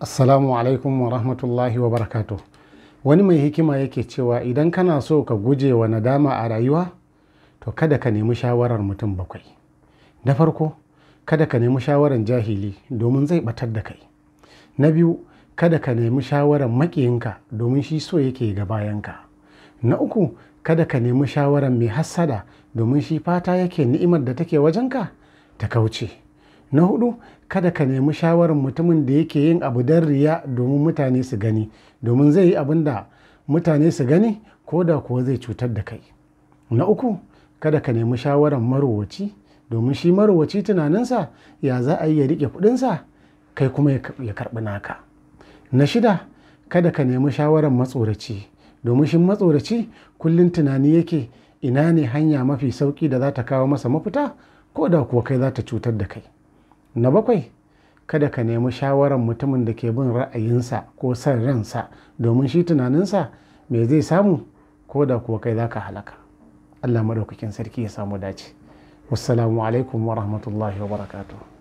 Assalamu alaikum wa rahmatullahi wa barakato. Wani mai hikima yake cewa idan kana so ka guje wa nadama a rayuwa, to kada ka nemi shawarar mutum bakwai. Na farko, kada ka nemi shawarar jahili domin zai batar da kai. Na biyu, kada ka nemi shawarar maƙiyinka domin shi so yake ga bayanka. Na uku, kada ka nemi shawarar mai hassada domin shi fata yake ni'imar da take wajenka ta kauce. na hudu kada ka nemi shawarar mutumin da yake yin abu don riya domin mutane su gani domin zai yi abin da mutane su gani ko da kuwa zai cutar da kai na uku kada ka nemi shawarar marowaci domin shi marowaci tunaninsa ya za a yi ya riƙe kuɗinsa kai kuma ya karɓi naka na shida kada ka nemi shawarar matsoraci domin shi matsoraci kullum tunani yake ina ne hanya mafi sauki da za ta kawo masa mafita ko da kuwa kai za ta cutar da kai na bakwai kada ka nemi shawarar mutumin da ke bin ra'ayinsa ko son ransa domin shi tunaninsa me zai samu ko da kuwa kai za ka halaka allah maɗaukakin sarki ya samu dace wassalamu alaikum wa rahmatullahi wa barakatuh